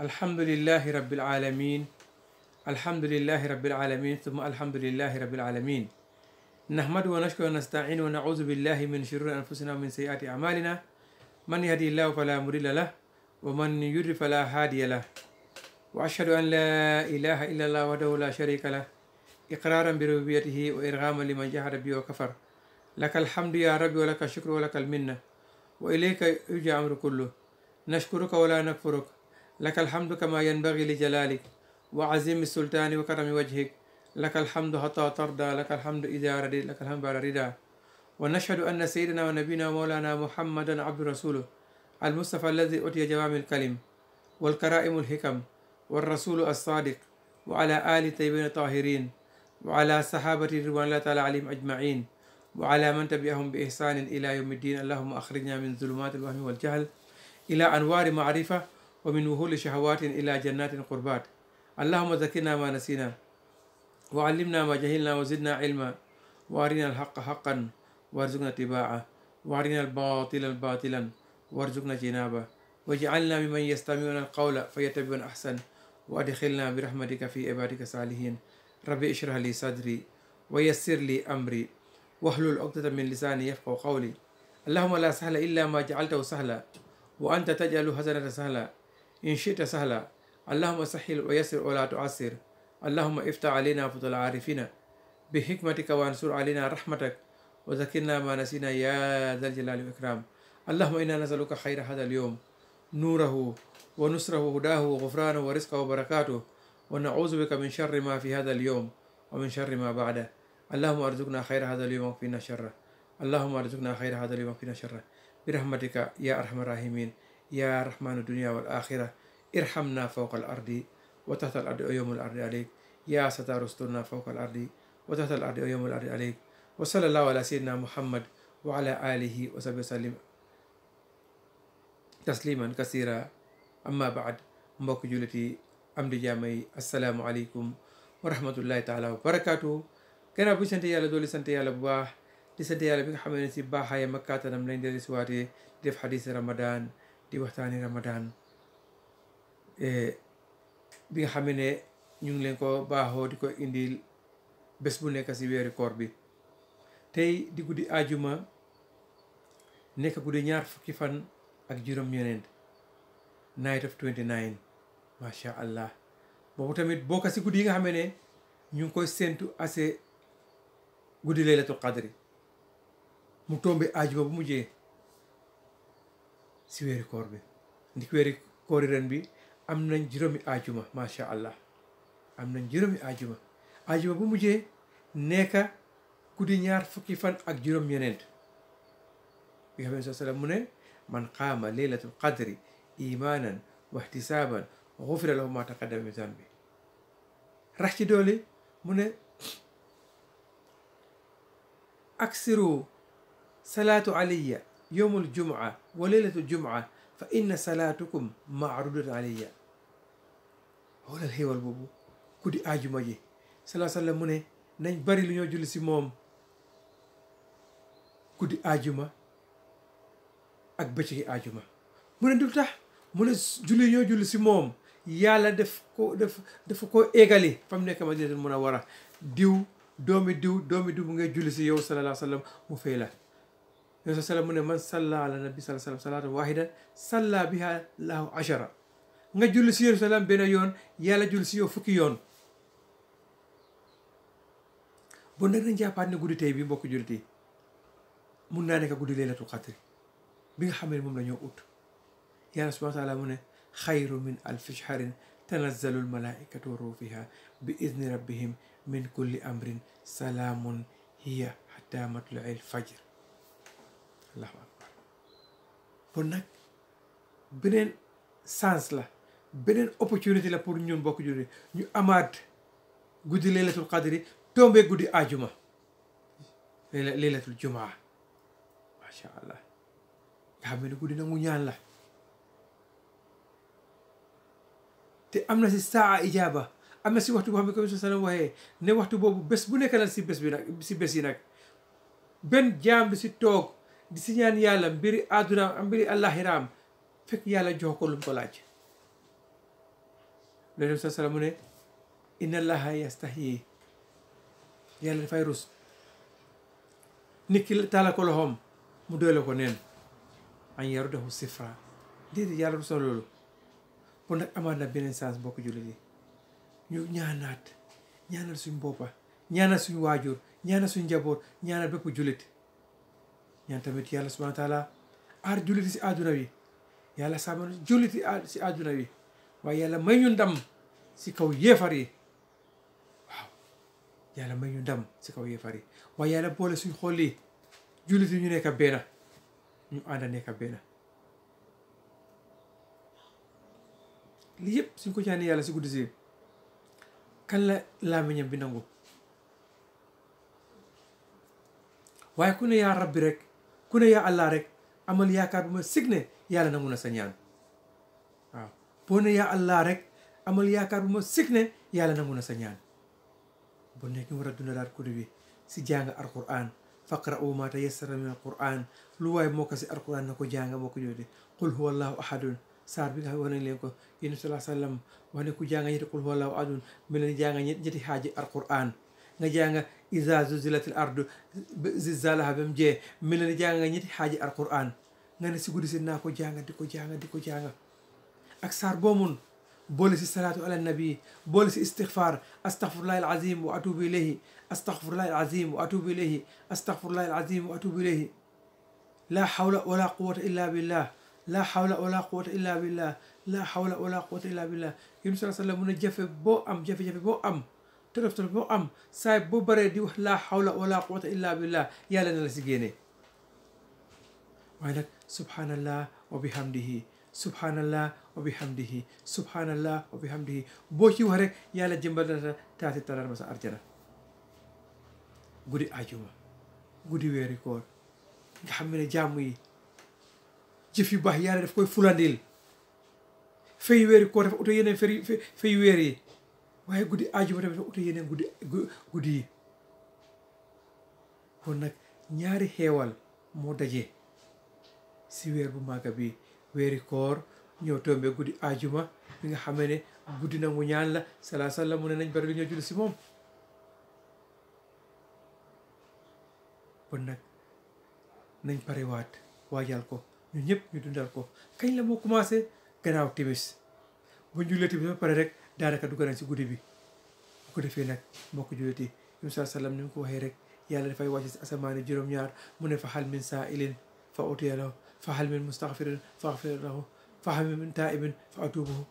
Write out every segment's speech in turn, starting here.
الحمد لله رب العالمين الحمد لله رب العالمين ثم الحمد لله رب العالمين نحمد ونشكر ونستعين ونعوذ بالله من شرور أنفسنا ومن سيئات أعمالنا من يهدي الله فلا مضل له ومن يضل فلا هادي له وأشهد أن لا إله إلا الله وحده لا شريك له إقرارا بربوبيته وإرغاما لمن جحد به وكفر لك الحمد يا ربي ولك الشكر ولك المنة وإليك يرجع أمر كله نشكرك ولا نكفرك لك الحمد كما ينبغي لجلالك وعظيم السلطان وكرم وجهك لك الحمد حتى ترضى لك الحمد إذا رديت لك الحمد على رضا ونشهد أن سيدنا ونبينا مولانا محمدا عبد رسوله المصطفى الذي أتي جوامع الكلم والكرائم الحكم والرسول الصادق وعلى آل طيبين الطاهرين وعلى صحابة رضوان الله تعالى عليهم أجمعين وعلى من تبعهم بإحسان إلى يوم الدين اللهم أخرجنا من ظلمات الوهم والجهل إلى أنوار معرفة ومن وهول شهوات إلى جنات قربات اللهم ذكرنا ما نسينا وعلمنا ما جهلنا وزدنا علما وارنا الحق حقا وارزقنا اتباعه وارنا الباطل باطلا وارزقنا جنابه واجعلنا ممن يستمعون القول فيتبعون احسن وادخلنا برحمتك في عبادك الصالحين ربي اشرح لي صدري ويسر لي امري واحلل عقدة من لساني يفقه قولي اللهم لا سهل الا ما جعلته سهلا وانت تجعل حزنة سهلا إن شئت سهلا اللهم سهل ويسر ولا تعسر اللهم افتح علينا فضل عارفين بحكمتك وانصر علينا رحمتك وذكرنا ما نسينا يا ذا الجلال والإكرام اللهم إنا نسألك خير هذا اليوم نوره ونصره وهداه وغفرانه ورزقه وبركاته ونعوذ بك من شر ما في هذا اليوم ومن شر ما بعده اللهم ارزقنا خير هذا اليوم واكفنا شره اللهم ارزقنا خير هذا اليوم واكفنا شره برحمتك يا أرحم الراحمين يا رحمن الدنيا والآخرة ارحمنا فوق الأرض وتحت الأرض أيوم الأرض عليك يا ستار استرنا فوق الأرض وتحت الأرض أيوم الأرض عليك وصلى الله على سيدنا محمد وعلى آله وصحبه وسلم تسليما كثيرا أما بعد مبوك جولتي أمد جامعي السلام عليكم ورحمة الله تعالى وبركاته كنا بو سنتي يالا دولي سنتي يالا بواح دي سنتي يالا بك حمد نسي باحا يا مكاتنا ملين دي سواتي ديف حديث رمضان di waxtaani ramadaan eh, bi nga xam ne ñu ngi leen ko baaxoo di ko indi bés bu nekk si weeri koor bi tey di guddi ajuma nekk guddi ñaar fukki fan ak juróom-ñeneent night of 29 macha allah boobu tamit bokk si guddi yi nga xamee ne ñu ngi koy séntu ase guddi laylatul qadri mu tombe ajuma bu mujjee si weeri koor bi ndi weeri koori ren bi am nañ juróomi ajuma macha allah am nañ juróomi ajuma ajuma bu mujjee nekka guddi ñaar fukki fan ak juróom ñeneent bi man qaama leylatul qadri imanan wahtisaban xufira lahu ma taqaddama min zanbi rax ci doole mu ne aksiru salaatu alayya yowmul jumaa wa laylatul jumaa fa inna salaatukum maarudatun alayya xoolal xéewal boobu guddi ajuma ji salaa sallam mu ne nañ bari lu ñoo julli si moom guddi ajuma ak bëccëgi aajuma mu ne dul tax mu ne julli ñoo julli si moom yàlla def ko def dafa koo égali fa mu nekk Madinatul Munawwara diw doomi diw doomi diw mu ngay julli si yow sallallahu alayhi mu fay la yonent sallam mu ne man salla ala nabi sallallahu alayhi wa sallam salaatan waahida salla biha lahu ashara nga julli si yonent sallam benn yoon yàlla julli si yow fukki yoon bon nag nañ jàppaat ne guddi tey bi mbokk jullit yi mun naa nekk guddi laylatul qadri bi nga xam ne moom la ñoo ut yàlla subhaana taala mu ne xayru min alfi shahrin tanazzalu almalaikatu wa ruuhu fiha bi idni rabbihim min kulli amrin salaamun hiya xata matlai alfajr allahu akbar nag beneen sans la beneen opportunité la pour ñun bokk jullit ñu amaat guddi laylatul qadri tombé guddi ajuma laylatul jumaa macha allah nga xam ne guddi nangu ñaan la te am na si saa ijaaba am na si waxtu boo xam ne comme sallam waxee ne waxtu boobu bés bu nekk nag si bés bi nag si bés yi nag benn jaam bi si toog di si ñaan yàlla mbiri àddunaam am mbiri àllaaxiraam fekk yàlla jox ko lum ko laaj loolu sa salaam mu ne inna allaha yastahyi yàlla dafay rus nit ki taala ko loxoom mu doyle ko neen an yaru dafu sifra déedéet yàlla rusa loolu bon nag amaat na beneen chance mbokk jullit yi ñu ñaanaat ñaanal suñ boppa ñaanal suñ waajur ñaan suñ njaboot ñaanal bépp jullit ñantamit yàlla subhana taala aar julliti si àdduna wi yàlla sàmmal julliti si àdduna wi waaye yàlla may ñu ndam si kaw yéefar yi waaw yàlla may ñu ndam si kaw yéefar yi waaye yàlla boole suñ xool yi julliti ñu nekk a benn ñu ànd a nekk a benn lii yëpp suñ ko jaanee yàlla si guddi si kan la laamiñam bi nangu waaye ku ne yaa rabbi rek ku ne ya allah rek amal yaakaar bu ma sikne ne yàlla ya sa ñaan waaw boo ne ya allah rek amal yaakaar bu ma sikne ne yàlla nangu sa ñaan bu nekk ñu wara dund dundalaat ko rewi si jàng alquran faqra'u ma tayassara min alquran lu way moo ko alquran na ko jàng moo ko joote qul huwallahu ahad sar bi nga wax nañ leen ko yéen salaa sallam wax ne ku jàng ñetti qul huwallahu ahad ahadun mel ni jàng alquran nga jàng إذا زلزلت الأرض زلزالها بمجي جي من لا جانغ نيتي حاجه القران ناني سي سيدنا كو جانغ ديكو جانغ ديكو جانغ اك سار بومون بولي سي صلاه على النبي بولي سي استغفار استغفر الله العظيم واتوب اليه استغفر الله العظيم واتوب اليه استغفر الله العظيم واتوب اليه لا حول ولا قوه الا بالله لا حول ولا قوه الا بالله لا حول ولا قوه الا بالله يونس صلى الله عليه وسلم جف بو ام جف جف بو ام tolof tolof boo am saay boo baree di wax laa xawla wala quwata illa billah yàlla na la si génnee waaye nag subhanallah wa bihamdihi subhanallah wa bihamdihi subhanallah wa bihamdihi boo ci wax rek yàlla jëmbal na la taati talarma sa arjana guddi ajuma guddi weeri koor nga xam ne jàmm yi jëf yu baax yàlla daf koy fulandil fay weeri koor dafa uto waaye guddi ajuma tamit dafa uti yeneen guddi guddi yi kon nag ñaari xeewal moo daje si weer bu màgga bi weeri koor ñoo tombe guddi ajuma bi nga xamee ne guddi nangu ñaan la salaa sallam mu ne nañ bari lu ñoo si moom kon nag nañ parewaat waajal ko ñu ñëpp ñu dundal ko kañ la moo commencé gannaaw timis bu ñu jullee timis ba pare rek daanaka dugg nañ si guddi bi bu ko defee nag mbokk mu sa alayhi salaam ni mu ko waxee rek yàlla dafay wàcce si asamaan juróom-ñaar mu ne fa hal min saa'ilin fa u'tiya lahu fa hal min mustaghfirin fa aghfir lahu fa hal min taa'ibin fa atuubu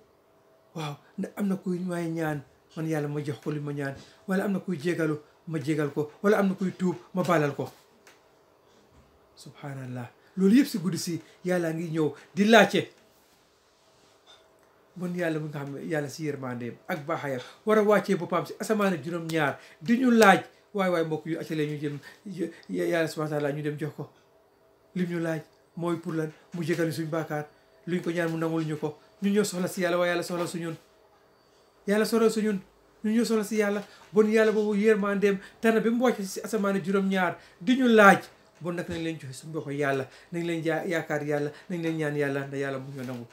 waaw am na kuy may ñaan man yàlla ma jox ko li ma ñaan wala am na kuy jégalu ma jégal ko wala am na kuy tuub ma baalal ko subhanallah loolu yëpp si guddi si yàlla ngi ñëw di laajte mën yàlla mu nga xam yàlla si yërmandeem ak baaxaayam war a wàccee boppam si asamaan ñu laaj waay waay mbokk yu accalee ñu jëm yàlla subhaanahu wa taala ñu dem jox ko lim ñu laaj mooy pour lan mu jégalu suñu bàkkaar luñ ko ñaan mu nangul ñu ko ñun ñoo soxla si yàlla waaye yàlla soxla suñun yàlla soxla suñun ñun ñoo soxla si yàlla bon yàlla boobu yërmandeem tànn bi mu wàcce si asamaan ak juróom-ñaar di ñu laaj bon nag nañ leen joxe suñu bopp yàlla nañ leen ja yaakaar yàlla nañ leen ñaan yàlla ndax yàlla mu ñoo nangul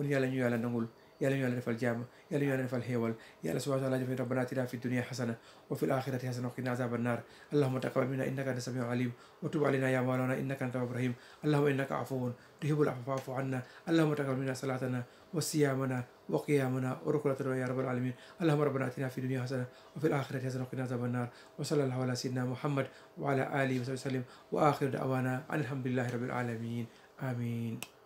kon yàlla ñu yàlla nangul yàlla ñu yàlla defal jàmm yàlla ñu yàlla defal xéewal yàlla subhanahu wa taala jëfe rabbana atina fi dunya hasana wa fil akhirati hasana wa qina azaban nar allahumma taqabbal minna innaka antas samiu alim wa tub alayna ya mawlana innaka anta rahim allahumma innaka afuwun tuhibbul afwa fa'fu anna allahumma taqabbal minna salatana wa siyamana wa wa qiyamana ya rabbal alamin allahumma rabbana atina fi dunya hasana wa fil akhirati hasana wa qina azaban nar wa sallallahu ala sayyidina muhammad wa ala alihi wa sallam wa akhir da'wana alhamdulillahi rabbil alamin amin